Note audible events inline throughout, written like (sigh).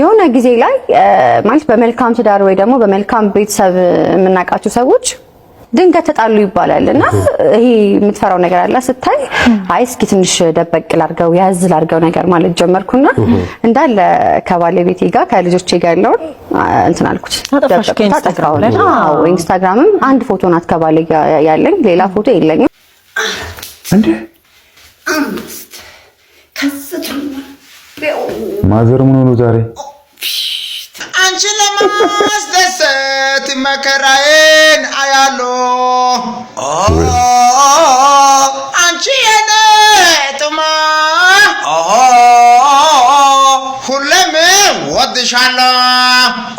የሆነ ጊዜ ላይ ማለት በመልካም ትዳር ወይ ደግሞ በመልካም ቤተሰብ የምናውቃቸው ሰዎች ድንገት ተጣሉ ይባላል እና ይሄ የምትፈራው ነገር አለ ስታይ፣ አይ እስኪ ትንሽ ደበቅ ላድርገው ያዝ ላድርገው ነገር ማለት ጀመርኩና እንዳለ ከባለቤቴ ጋር ከልጆቼ ጋር ያለውን እንትን አልኩት። አዎ ኢንስታግራምም አንድ ፎቶ ናት ከባለ ያለኝ፣ ሌላ ፎቶ የለኝም። አምስት ማዘር ምን ሆኖ ዛሬ አንቺ ለማስደሰት መከራዬን አያሎ አንቺ የኔ ጥማ ሁሌም ወድሻለሁ።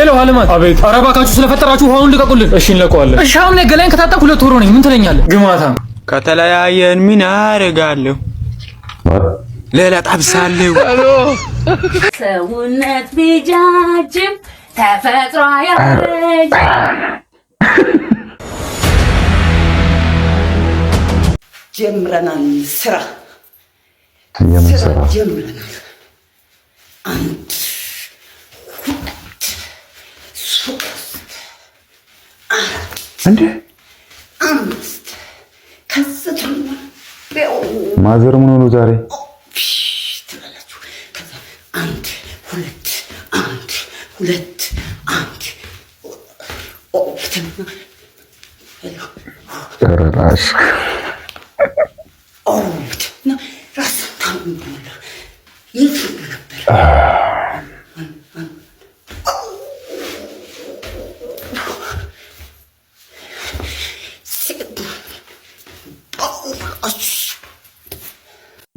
ሄሎ አለማት፣ አቤት። ኧረ እባካችሁ ስለፈጠራችሁ ውሃውን ልቀቁልን። እሺ እንለቀዋለን። እሺ አሁን ገላይን ከታጠብኩ ሁለት ወሮ ነኝ። ምን ትለኛለህ? ግማታ ከተለያየን ምን አደርጋለሁ? ሌላ ጣብሳለሁ ሰውነት ቢጃጅም ተፈጥሮ ያረጅ ጀምረናል። ስራ ጀምረናል። አንድ እንዴ አምስት ከዚህ ማዘር ምን ሆኑ ዛሬ ሁለት አንድ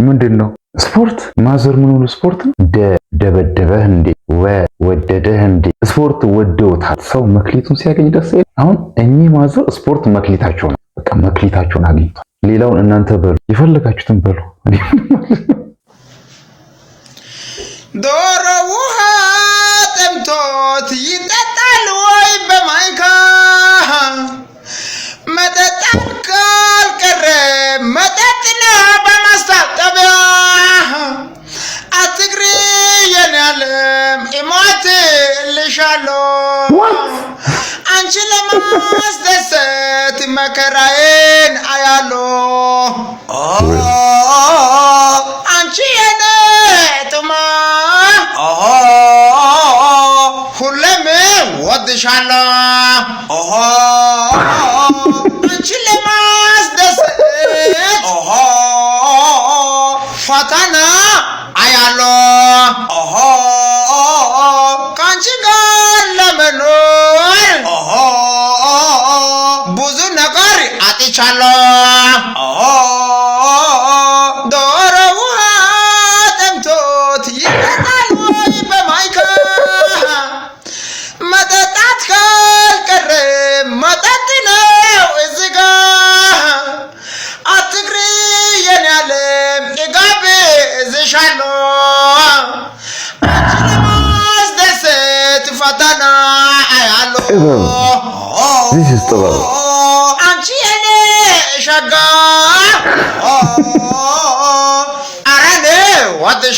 ምንድን ነው? ስፖርት ማዘር ምን ስፖርት ደ ደበደበህ እንዴ? ወደደህ እንዴ? ስፖርት ወደውታል። ሰው መክሊቱን ሲያገኝ ደስ ይላል። አሁን እኚህ ማዘር ስፖርት መክሊታቸው ነው። በቃ መክሊታቸውን አግኝቷል። ሌላውን እናንተ በሉ፣ የፈለጋችሁትን በሉ። (laughs) ዶሮ ውሃ ጠምቶት ይጠጣል ወይ በማይካ መጠጣት ካልቀረ በማስታል መከራዬን አያለሁ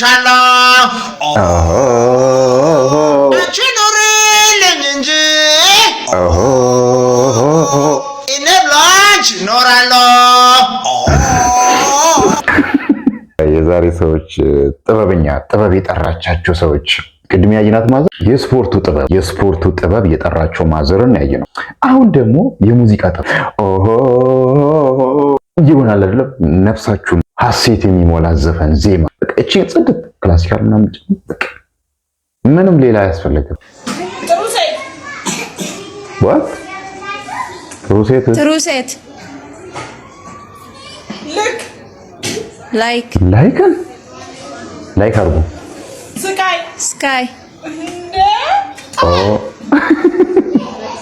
እልሻለሁ አንቺ ኑሪልኝ እንጂ እኔ ብላች እኖራለሁ። የዛሬ ሰዎች ጥበበኛ ጥበብ የጠራቻቸው ሰዎች ቅድሚያ ያየናት ማዘር የስፖርቱ ጥበብ የስፖርቱ ጥበብ የጠራቸው ማዘርን ያየ ነው። አሁን ደግሞ የሙዚቃ ጥበብ ይሆናል አይደለም ነፍሳችሁን ሀሴት የሚሞላ ዘፈን ዜማ እቺ ጽድት ክላሲካል ምናምን ምንም ሌላ አያስፈልግም። ጥሩ ሴት ላይክ ላይክ ስካይ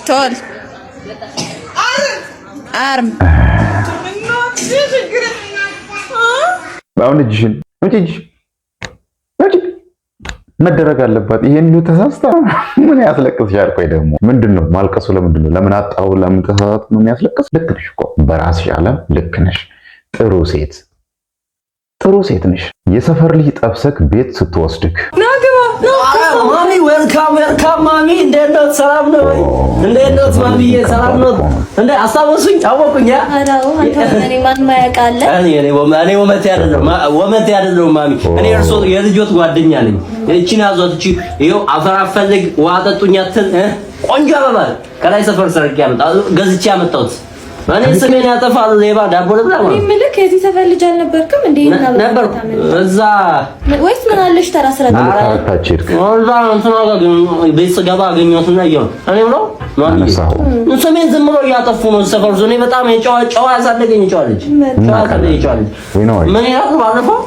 ቶል አርም በአሁን እጅሽን አምጪ፣ እጅሽን አምጪ መደረግ አለባት። ይሄን ሁሉ ተሳስታ ምን ያስለቅስሻል? ቆይ ደግሞ ምንድን ነው ማልቀሱ? ለምንድን ነው ለምን አጣው ለምን ተሳሳት ነው የሚያስለቅስ? ልክ ነሽ እኮ በራስሽ ዓለም ልክ ነሽ። ጥሩ ሴት ጥሩ ሴት ነሽ። የሰፈር ልጅ ጠብሰክ ቤት ስትወስድክ ማሚ ወልካም ወልካም ማሚ፣ እንዴት ነው? ሰላም ነው ወይ? እንዴት ነው ሰላም ነው አስታወሱኝ? አወቁኝ? ያ እኔ ወመቴ ወመቴ ማሚ። እኔ እርሶ የልጆት ጓደኛ ነኝ። እቺን ያዟት። እቺ ይኸው አፈር አፈልግ ቆንጆ አበባ ከላይ ሰፈር ሰርቄ ያመጣ ገዝቼ ያመጣሁት እኔ ስሜን ያጠፋል ሌባ ዳቦ ልብላ ማለት ምን ልክ እዚህ ተፈልጅ አልነበርክም እንዴ? ነበር እዛ ወይስ ምን አለሽ? ተራ ስራ ቤት ስገባ እኔ ብሎ ስሜን ዝም ብሎ እያጠፉ ነው ሰፈር። እኔ በጣም የጨዋ ጨዋ ያሳደገኝ ጨዋ ልጅ ምን ባለፈው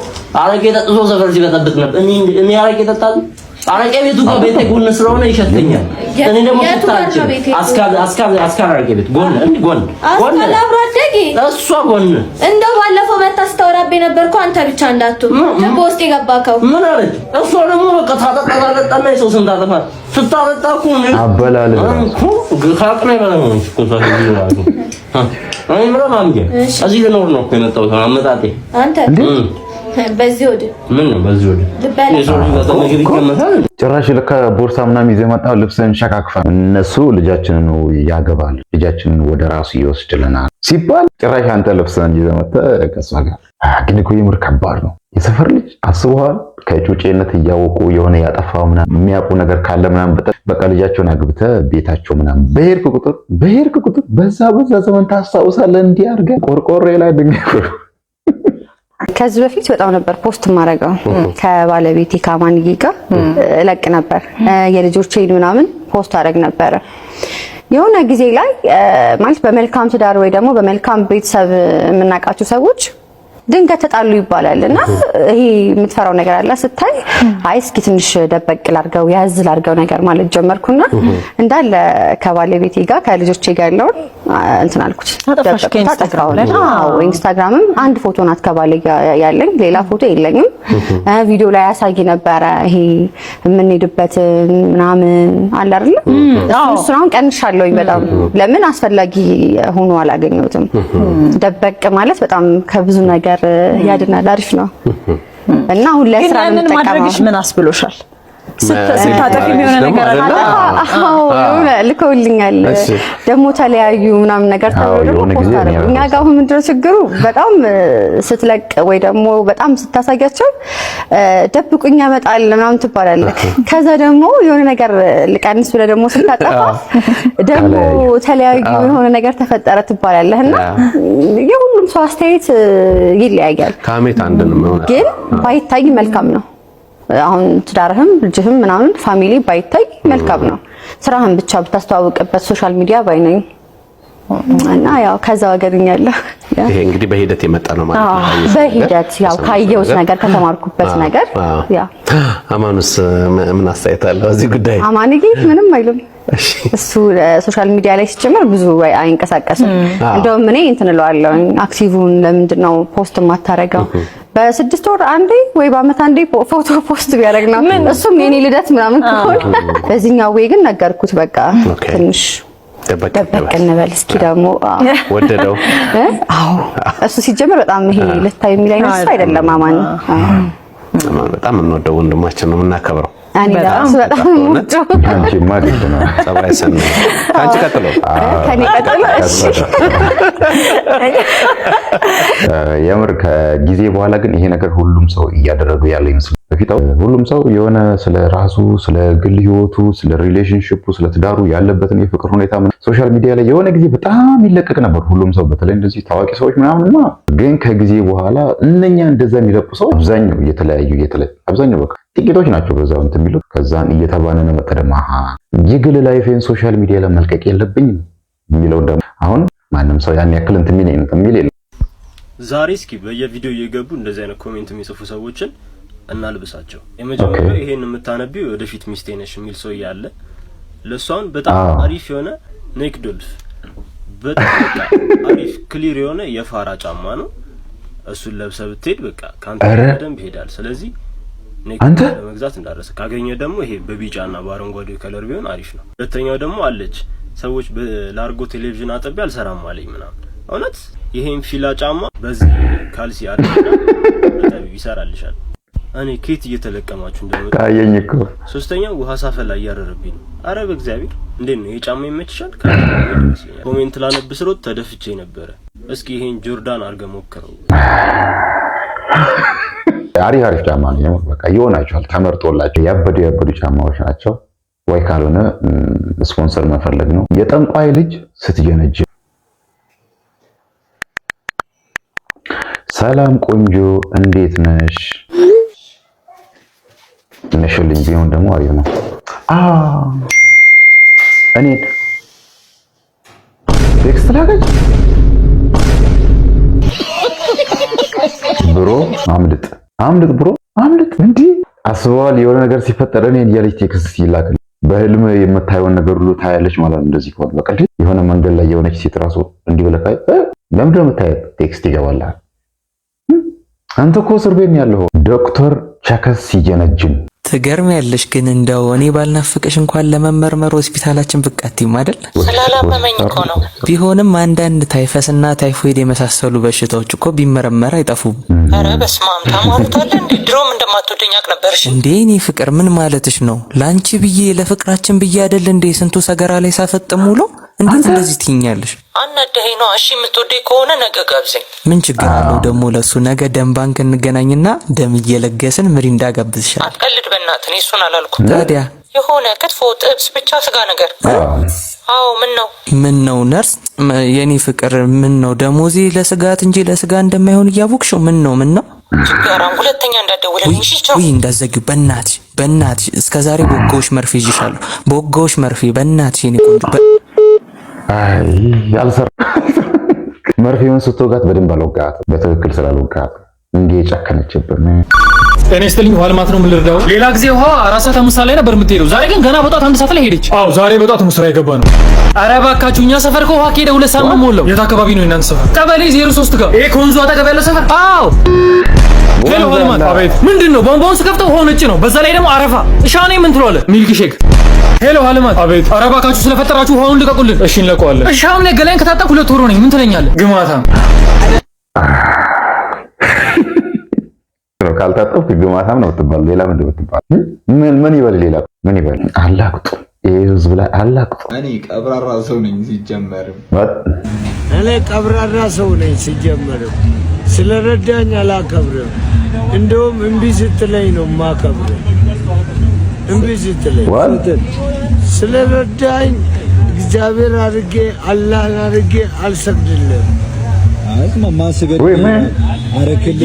አረቄ ጠጥቶ ሰፈር ሲበጠብጥ ነበር። እኔ አረቄ ጠጣለሁ አረቄ ቤቱ ጋር ቤቴ ጎን ስለሆነ ይሸተኛል። እኔ ደግሞ ስታች አስካል አስካል አስካል አረቄ ቤት ጎን እንዲ ጎን ጎን እሷ ጎን እንደው ባለፈው መታ ስታወራብኝ ነበርኩ አንተ ብቻ እንዳትሆን ልብ ውስጥ የገባከው ምን አለች እሷ ደግሞ በቃ ታጠጣጣና የሰው ስንታጠፋ ስታጠጣ እኮ አበላል ካቅና ይበላ ነው ነው እኮ እኔ ምንም አምጌ እዚህ ልኖር ነው እኮ የመጣሁት አመጣጤ አንተ ጭራሽ ልካ ቦርሳ ምናምን ይዘህ መጣው ልብስህን ሸካክፋ እነሱ ልጃችንን ያገባል ልጃችንን ወደ ራሱ ይወስድልናል ሲባል ጭራሽ አንተ ልብስህን ይዘህ መጣ። ከሷ ጋር ግን እኮ የምር ከባድ ነው የሰፈር ልጅ አስበዋል ከጩጬነት እያወቁ የሆነ ያጠፋው ምናምን የሚያውቁ ነገር ካለ ምናምን በቃ ልጃቸውን አግብተ ቤታቸው ምናምን በሄድክ ቁጥር በሄድክ ቁጥር በዛ በዛ ዘመን ታስታውሳለህ እንዲህ አድርገህ ቆርቆሬ ላይ ድንጋይ ከዚህ በፊት በጣም ነበር ፖስት ማድረገው ከባለቤቴ ከማንጌ ጋር እለቅ ነበር የልጆቼን ምናምን ፖስት አደረግ ነበረ። የሆነ ጊዜ ላይ ማለት በመልካም ትዳር ወይ ደግሞ በመልካም ቤተሰብ የምናውቃቸው ሰዎች ድንገት ተጣሉ ይባላል እና ይሄ የምትፈራው ነገር አለ ስታይ፣ አይ እስኪ ትንሽ ደበቅ ላርገው ያዝ ላርገው ነገር ማለት ጀመርኩና እንዳለ ከባለቤቴ ጋር ከልጆቼ ጋር ያለውን እንትን አልኩት። ኢንስታግራምም አንድ ፎቶ ናት ከባሌ ጋር ያለኝ፣ ሌላ ፎቶ የለኝም። ቪዲዮ ላይ ያሳይ ነበረ ይሄ የምንሄድበትን ምናምን አለ አይደል? እሱን አሁን ቀንሻለሁኝ በጣም ለምን አስፈላጊ ሆኖ አላገኘሁትም። ደበቅ ማለት በጣም ከብዙ ነገር ነገር ያድናል። አሪፍ ነው እና አሁን ላይ ስራ ምን ማድረግሽ ምን አስብሎሻል? ስታጠፊ የሚሆነ ነገር አለ። ልከውልኛል ደግሞ ተለያዩ ምናምን ነገር እኛ ጋር አሁን ምንድን ነው ችግሩ? በጣም ስትለቅ ወይ ደግሞ በጣም ስታሳያቸው ደብቁኝ ያመጣል ምናምን ትባላለህ። ከዛ ደግሞ የሆነ ነገር ልቀንስ ብለህ ደግሞ ስታጠፋ ደግሞ ተለያዩ የሆነ ነገር ተፈጠረ ትባላለህ እና የሁሉም ሰው አስተያየት ይለያያል። ግን ባይታይ መልካም ነው። አሁን ትዳርህም ልጅህም ምናምን ፋሚሊ ባይታይ መልካም ነው። ስራህን ብቻ ብታስተዋውቅበት ሶሻል ሚዲያ ባይነኝ እና ያው ከዛ ወገድኛለሁ። ይሄ እንግዲህ በሂደት የመጣ ነው ማለት ነው። በሂደት ያው ካየሁት ነገር ከተማርኩበት ነገር አማኑስ ምን አስተያየት አለው እዚህ ጉዳይ? አማንዬ ምንም አይልም። እሱ ሶሻል ሚዲያ ላይ ሲጀምር ብዙ አይንቀሳቀስም። እንደውም እኔ እንትን እለዋለሁ አክቲቭውን ለምንድን ነው ፖስት የማታረገው በስድስት ወር አንዴ ወይ በአመት አንዴ ፎቶ ፖስት ነው። እሱም የኔ ልደት ምናምን ከሆነ በዚህኛው ወይ ግን ነገርኩት። በቃ ትንሽ ደበቅ እንበል እስኪ ደግሞ ወደደው። (laughs) አዎ እሱ ሲጀምር በጣም ይሄ ልታይ የሚል አይነት አይደለም። አማን በጣም የምንወደው ወንድማችን ነው የምናከብረው። የምር ከጊዜ በኋላ ግን ይሄ ነገር ሁሉም ሰው እያደረገ ያለ ይመስላል። በፊት ሁሉም ሰው የሆነ ስለ ራሱ፣ ስለ ግል ህይወቱ፣ ስለ ሪሌሽንሽፑ፣ ስለ ትዳሩ ያለበትን የፍቅር ሁኔታ ሶሻል ሚዲያ ላይ የሆነ ጊዜ በጣም ይለቀቅ ነበር። ሁሉም ሰው በተለይ እንደዚህ ታዋቂ ሰዎች ምናምንና፣ ግን ከጊዜ በኋላ እነኛ እንደዛ የሚለቁ ሰው አብዛኛው እየተለያዩ አብዛኛው በቃ ጥቂቶች ናቸው በዛው እንትን የሚሉት ከዛን እየተባነ እየተባነነ መጠደማ የግል ላይፌን ሶሻል ሚዲያ ላይ መልቀቅ የለብኝም የሚለው ደግሞ አሁን ማንም ሰው ያን ያክል እንትን የሚል እንትን የሚል የለም። ዛሬ እስኪ በየቪዲዮ እየገቡ እንደዚህ አይነት ኮሜንት የሚጽፉ ሰዎችን እናልብሳቸው። የመጀመሪያው ይሄን የምታነቢው ወደፊት ሚስቴ ነሽ የሚል ሰው ያለ ለእሱ በጣም አሪፍ የሆነ ኔክ ዶልፍ በጣም አሪፍ ክሊር የሆነ የፋራ ጫማ ነው። እሱን ለብሰህ ብትሄድ በቃ ከአንተ በደንብ ይሄዳል። ስለዚህ አንተ መግዛት እንዳረሰ ካገኘ ደግሞ ይሄ በቢጫና በአረንጓዴ ከለር ቢሆን አሪፍ ነው። ሁለተኛው ደግሞ አለች ሰዎች ለአርጎ ቴሌቪዥን አጠቢ አልሰራም አለኝ ምናምን። እውነት ይሄን ፊላ ጫማ በዚህ ካልሲ አጠቢ ይሰራልሻል። እኔ ኬት እየተለቀማችሁ እንደመጣ እኮ። ሶስተኛው ውሃ ሳፈላ እያረረብኝ ነው። አረ በእግዚአብሔር እንዴት ነው ይሄ ጫማ ይመችሻል? ኮሜንት ላነብ ስሮት ተደፍቼ ነበረ። እስኪ ይሄን ጆርዳን አድርገ ሞክረው አሪፍ አሪፍ ጫማ ነው። በቃ ይሆናቸዋል፣ ተመርጦላቸው ያበዱ ያበዱ ጫማዎች ናቸው። ወይ ካልሆነ ስፖንሰር መፈለግ ነው። የጠንቋይ ልጅ ስትጀነጅ። ሰላም ቆንጆ፣ እንዴት ነሽ? ነሽልኝ ቢሆን ደግሞ አሪፍ ነው። እኔ ቴክስት ላከች ብሮ አምልጥ አምልጥ ብሮ አምልጥ። እንዲህ አስበዋል። የሆነ ነገር ሲፈጠር እኔን እያለች ቴክስት ይላክል። በህልም የምታየውን ነገር ሁሉ ታያለች ማለት ነው። እንደዚህ ከሆነ በቀል የሆነ መንገድ ላይ የሆነች ሴት ራሱ እንዲህ ብለህ ካየህ ለምንድን ነው የምታየው? ቴክስት ይገባልሃል። አንተ እኮ እስር ቤት ነው ያለኸው። ዶክተር ቸከስ ሲጀነጅን ትገርም ያለሽ ግን እንደው እኔ ባልናፍቅሽ እንኳን ለመመርመር ሆስፒታላችን ብቃቲም አይደል? ስላላመመኝ እኮ ነው። ቢሆንም አንዳንድ ታይፈስና ታይፎይድ የመሳሰሉ በሽታዎች እኮ ቢመረመር አይጠፉም። ኧረ በስመ አብ ታማሩታለ እንዴ! ድሮም እንደማትወደኝ አውቅ ነበር። እንዴ እኔ ፍቅር ምን ማለትሽ ነው? ላንቺ ብዬ ለፍቅራችን ብዬ አይደል እንዴ ስንቱ ሰገራ ላይ ሳፈጥም ውሎ እንዴት እንደዚህ ትይኛለሽ? አናደኸኝ ነው። እሺ የምትወደኝ ከሆነ ነገ ጋብዘኝ። ምን ችግር አለው ደግሞ ለሱ። ነገ ደም ባንክ እንገናኝና ደም እየለገስን ምሪንዳ ጋብዝሻለሁ። አትቀልድ በእናትህ። እኔ እሱን አላልኩም። ታዲያ የሆነ ክትፎ፣ ጥብስ፣ ብቻ ስጋ ነገር። አዎ ምን ነው ምን ነው ነርስ፣ የኔ ፍቅር ምን ነው ደሞዜ ለስጋት እንጂ ለስጋ እንደማይሆን እያወቅሽው ምን ነው ምን ነው ችጋራም ሁለተኛ እንዳደውልልኝ ውይ፣ እንዳዘጊው በእናትሽ በእናትሽ። እስከዛሬ በወጋዎች መርፌ ይዤሻለሁ፣ በወጋዎች መርፌ በእናትሽ የኔ ቆንጆ አይ አልሰራ መርፌውን ስትወጋት በደንብ አልወጋት፣ በትክክል ስላልወጋት እንዴ የጨከነችብን። ጤና ይስጥልኝ። ውሃ ልማት ነው የምንረዳው። ሌላ ጊዜ ውሃ አራት ሰዓት አምስት ሰዓት ላይ ነበር የምትሄደው። ዛሬ ግን ገና በጧት አንድ ሰዓት ላይ ሄደች። አዎ ዛሬ በጧት ስራ የገባ ነው። ኧረ እባካችሁ እኛ ሰፈር ከውሃ ከሄደ ሁለት ሳምንት ሞላው። የት አካባቢ ነው የእናንተ ሰፈር? ቀበሌ ዜሮ ሶስት ጋር ይሄ ከወንዙ አጠገብ ያለው ሰፈር። አዎ አቤት ምንድን ነው ቧንቧውን ስከፍተው ሆነጭ ነው። በዛ ላይ ደግሞ አረፋ። እሻኔ እኔ ምን ትለዋለህ? ሚልክ ሼክ ሄሎ አልማት። አቤት። አረባ ካችሁ ስለፈጠራችሁ ውሃውን ልቀቁልን። እሺ እንለቀዋለን። እሺ ላይ ገላይን ከታጠብኩ ሁለት ወር ሆነኝ። ምን ትለኛለህ? ግማታ ካልታጠብክ ግማታም ነው ብትባል ሌላ ምንድን ብትባል ምን ምን ይበል ሌላ ምን ይበል አላቅጡ ይሄ ህዝብ ላይ አላቅጡ እኔ ቀብራራ ሰው ነኝ ሲጀመርም እኔ ቀብራራ ሰው ነኝ ሲጀመርም ስለረዳኝ አላከብርም። እንደውም እምቢ ስትለኝ ነው ማከብር። እምቢ ስትለኝ ስለረዳኝ እግዚአብሔር አድርጌ አላህን አድርጌ አልሰግድልም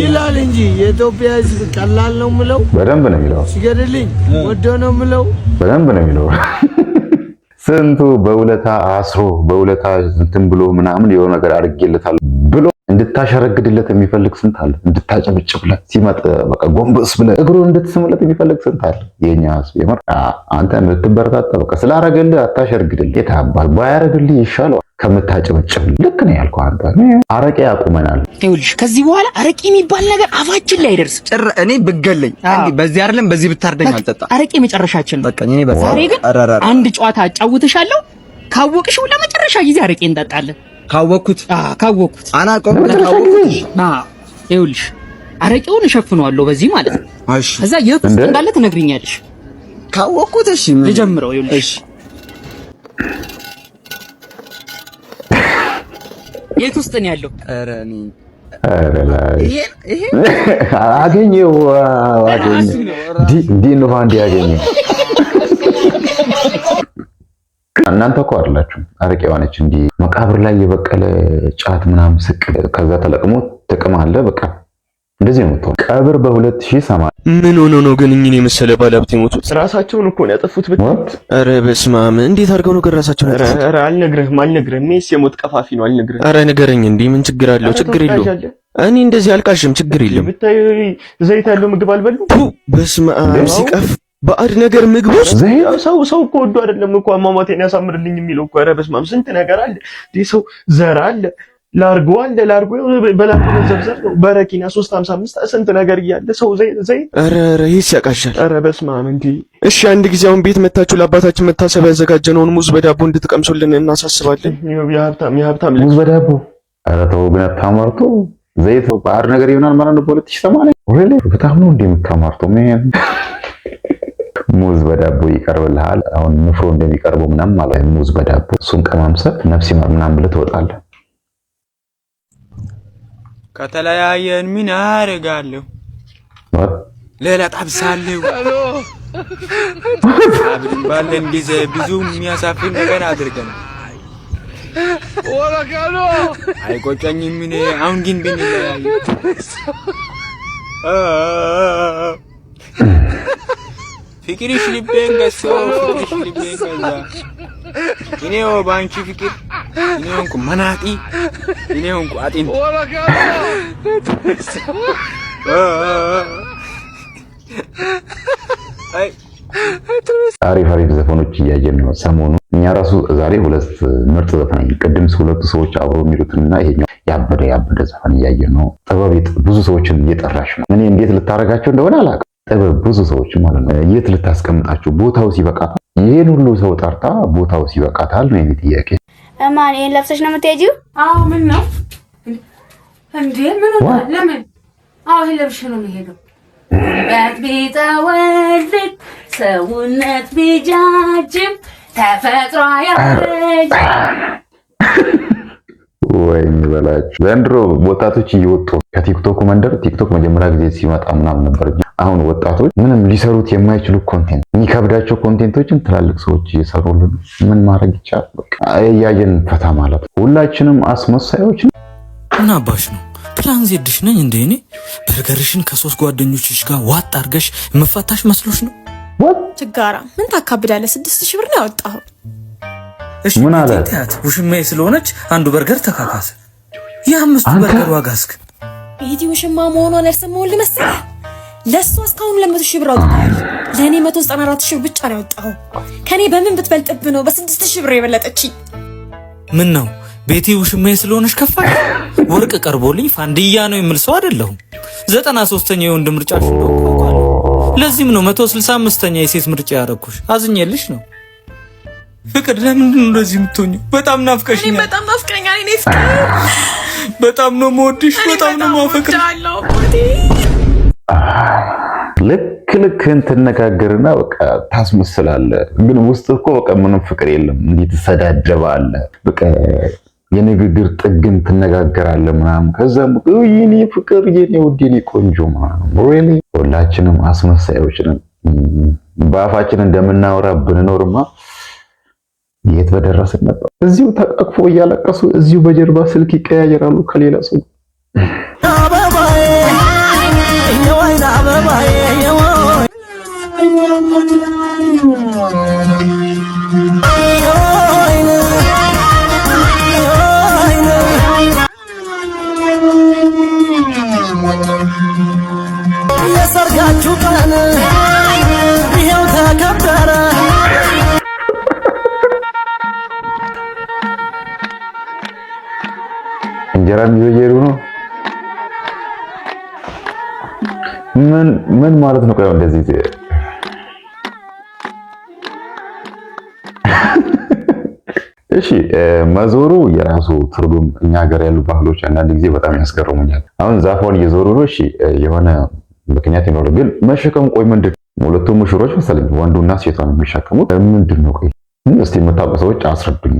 ይላል እንጂ የኢትዮጵያ ሕዝብ ቀላል ነው ምለው፣ በደንብ ነው የሚለው። ሲገድልኝ ወዶ ነው ምለው፣ በደንብ ነው የሚለው። (laughs) ስንቱ በውለታ አስሮ በውለታ እንትን ብሎ ምናምን የሆነ ነገር አድርጌለታል እንድታሸረግድለት የሚፈልግ ስንት አለ። እንድታጨበጭብለት ሲመጥ በቃ ጎንበስ ብለህ እግሩ እንድትስምለት የሚፈልግ ስንት አለ። የኛ ህዝብ የምር አንተ የምትበረታታ በቃ ስላረገልህ አታሸርግድል የታባል ባያረግልህ ይሻለዋል ከምታጨበጭብ። ልክ ነው ያልኩህ አንተ። አረቄ ያቁመናል። ይኸውልሽ ከዚህ በኋላ አረቄ የሚባል ነገር አፋችን ላይ አይደርስም። ጭር እኔ ብገለኝ በዚህ አይደለም በዚህ ብታርደኝ አልጠጣ አረቄ መጨረሻችን። እኔ በዛሬ ግን አንድ ጨዋታ አጫውትሻለሁ። ካወቅሽው ለመጨረሻ ጊዜ አረቄ እንጠጣለን። ካወቅኩት ካወቅኩት አናቀውም ካወቅኩት ይኸውልሽ አረቄውን እሸፍነዋለሁ በዚህ ማለት ነው። ከዛ የት ውስጥ እንዳለ ትነግሪኛለሽ። ካወቅኩት እሺ ልጀምረው። ይኸውልሽ የት ውስጥ ነው ያለው? ኧረ እኔ አገኘው አገኘው ዲ ዲ ነው አንዴ አገኘው እናንተ እኮ አላችሁ አረቄ የሆነች እንዲህ መቃብር ላይ የበቀለ ጫት ምናምን ስቅ ከዛ ተለቅሞ ጥቅም አለ በቃ እንደዚህ ነው የምትሆነው። ቀብር በ ሺህ ሰማንያ ምን ሆኖ ነው ግን እኝን የመሰለ ባለሀብት የሞቱት? ራሳቸውን እኮ ነው ያጠፉት። በት ኧረ በስመ አብ! እንዴት አድርገው ነው ግን ራሳቸውን ያጠፉት? ኧረ አልነግረህም፣ ሜስ የሞት ቀፋፊ ነው፣ አልነግረህም። ኧረ ንገረኝ። እንዲህ ምን ችግር አለው? ችግር የለውም። እኔ እንደዚህ አልቃሽም፣ ችግር የለም። ብታይ ዘይት ያለው ምግብ አልበሉም። በስመ አብ ሲቀፍ ባዕድ ነገር ምግብ ውስጥ ሰው ሰው እኮ ወዶ አይደለም እኮ አሟሟቴን ያሳምርልኝ የሚለው እኮ። ኧረ በስመ አብ ስንት ነገር አለ። ሰው ዘር አለ፣ ላርጎ አለ፣ ላርጎ በላርጎ መዘብዘብ ነው። በረኪና 355 ስንት ነገር እያለ ሰው ዘይ ኧረ ኧረ ይህስ ያቃሻል። ኧረ በስመ አብ እንዴ! እሺ አንድ ጊዜ አሁን ቤት መታችሁ ለአባታችን መታሰቢያ ያዘጋጀነውን ሙዝ በዳቦ እንድትቀምሱልን እናሳስባለን። የሀብታም የሀብታም ሙዝ በዳቦ ኧረ ተው ግን አታማርቱ። ዘይት ባዕድ ነገር ይሆናል ማለት ነው። በሁለት ሺህ ሰማንያ በጣም ነው እንዴ የምታማርቱ ምን ሙዝ በዳቦ ይቀርብልሃል። አሁን ንፍሮ እንደሚቀርበው ምናምን ማለት ሙዝ በዳቦ እሱን ቀማምሰህ ነፍሲ ማር ምናምን ብለህ ትወጣለህ። ከተለያየን ምን አደርጋለሁ? ሌላ ጣብሳለሁ። ባለን ጊዜ ብዙ የሚያሳፍር ነገር አድርገን አይቆጨኝም። ምን አሁን ግን ብንለያየ (laughs) ፍቅርሽ ልቤን ገሶ ፍቅርሽ ልቤን ከዛ እኔው ባንቺ ፍቅር እኔ ሆንኩ መናጢ እኔ ሆንኩ አጢን አሪፍ አሪፍ ዘፈኖች እያየን ነው ሰሞኑ። እኛ ራሱ ዛሬ ሁለት ምርጥ ዘፈን ቅድም ሁለቱ ሰዎች አብሮ የሚሉትንና ይሄኛው ያበደ ያበደ ዘፈን እያየን ነው። ጥበብ ብዙ ሰዎችን እየጠራሽ ነው። እኔ እንዴት ልታደርጋቸው እንደሆነ አላውቅም። ጥበብ ብዙ ሰዎች ማለት ነው። የት ልታስቀምጣቸው ቦታው ሲበቃታል? ይሄን ሁሉ ሰው ጠርታ ቦታው ሲበቃታል ነው የኔ ጥያቄ። እማን ይሄን ለብሰሽ ነው የምትሄጂው? አዎ። ምን ነው እንዴ? ምን ለምን? አዎ፣ ይህን ለብሼ ነው የምሄደው። ቢጠወልቅ ሰውነት ቢጃጅም ተፈጥሮ ያረጅ ወይም ይበላችሁ። ዘንድሮ ወጣቶች እየወጡ ከቲክቶክ መንደር ቲክቶክ መጀመሪያ ጊዜ ሲመጣ ምናምን ነበር። አሁን ወጣቶች ምንም ሊሰሩት የማይችሉ ኮንቴንት የሚከብዳቸው ኮንቴንቶችን ትላልቅ ሰዎች እየሰሩልን፣ ምን ማድረግ ይቻላል? በቃ እያየን ፈታ ማለት ሁላችንም አስመሳዮች ምን አባሽ ነው? ፕላን ዜድሽ ነኝ እንደ እኔ በርገርሽን ከሶስት ጓደኞችሽ ጋር ዋጥ አድርገሽ መፈታሽ መስሎሽ ነው? ችጋራ ምን ታካብዳለ? ስድስት ሺህ ብር ነው ያወጣኸው ምን አላት? ውሽማዬ ስለሆነች አንዱ በርገር ተካካሰ። የአምስቱ በርገር ዋጋ እስክ ይሄ ውሽማ መሆኗን ያልሰማውን ልመስል ለእሷ እስካሁን ለመቶ ሺህ ብር አውጥታል። ለእኔ መቶ ዘጠና አራት ሺህ ብቻ ነው ያወጣው። ከእኔ በምን ብትበልጥብ ነው በስድስት ሺህ ብር የበለጠች? ምን ነው ቤቴ ውሽማዬ ስለሆነች ከፋ። ወርቅ ቀርቦልኝ ፋንድያ ነው የምል ሰው አይደለሁም። ዘጠና ሶስተኛ የወንድ ምርጫ ለዚህም ነው መቶ ስልሳ አምስተኛ የሴት ምርጫ ያረኩሽ። አዝኜልሽ ነው ፍቅር ለምንድን ነው እንደዚህ የምትሆኝው? በጣም ናፍቀሽኛል። በጣም ናፍቀኛል። እኔ በጣም ነው የምወድሽ፣ በጣም ነው የማፈቅር። ልክ ልክህን ትነጋገርና በቃ ታስመስላለህ፣ ግን ውስጥ እኮ በቃ ምንም ፍቅር የለም። እንዴት ትሰዳደባለህ? በቃ የንግግር ጥግን ትነጋገራለህ ምናምን። ከዛም የኔ ፍቅር፣ የኔ ውድ፣ የኔ ቆንጆ ምናምን። ሁላችንም አስመሳዮች ነን። በአፋችን እንደምናወራ ብንኖርማ የት በደረስን ነበር። እዚሁ ተቃቅፎ እያለቀሱ እዚሁ በጀርባ ስልክ ይቀያየራሉ ከሌላ ሰው እንጀራም እየሄዱ ነው። ምን ምን ማለት ነው? ቆይ እንደዚህ (laughs) እሺ መዞሩ የራሱ ትርጉም እኛ ሀገር ያሉ ባህሎች አንዳንድ ጊዜ በጣም ያስገርሙኛል። አሁን ዛፏን እየዞሩ ነው። እሺ የሆነ ምክንያት ይኖር፣ ግን መሸከም ቆይ ምንድን ሁለቱም ሙሽሮች መሰለኝ ወንዱና ሴቷን የሚሸከሙት ምንድን ነው? ቆይ እስቲ የምታውቁ ሰዎች አስረዱኝ፣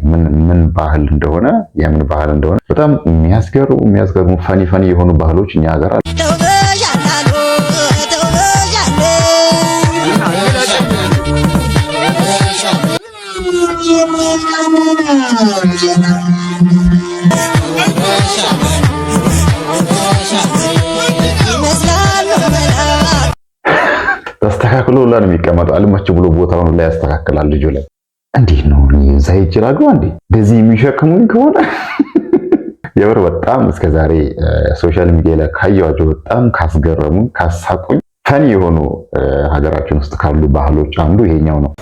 ምን ባህል እንደሆነ የምን ባህል እንደሆነ። በጣም የሚያስገርሙ የሚያስገርሙ ፈኒ ፈኒ የሆኑ ባህሎች እኛ ሀገር አለ። (laughs) ተስተካክሎ ላ ነው የሚቀመጠው። አልመች ብሎ ቦታውን ላይ ያስተካክላል ልጁ ላይ እንዴት ነው እዛ ይችላሉ እንዴ እንደዚህ የሚሸክሙኝ ከሆነ (laughs) የምር በጣም እስከዛሬ ሶሻል ሚዲያ ላይ ካየኋቸው በጣም ካስገረሙኝ ካሳቁኝ ፈኒ የሆኑ ሀገራችን ውስጥ ካሉ ባህሎች አንዱ ይሄኛው ነው።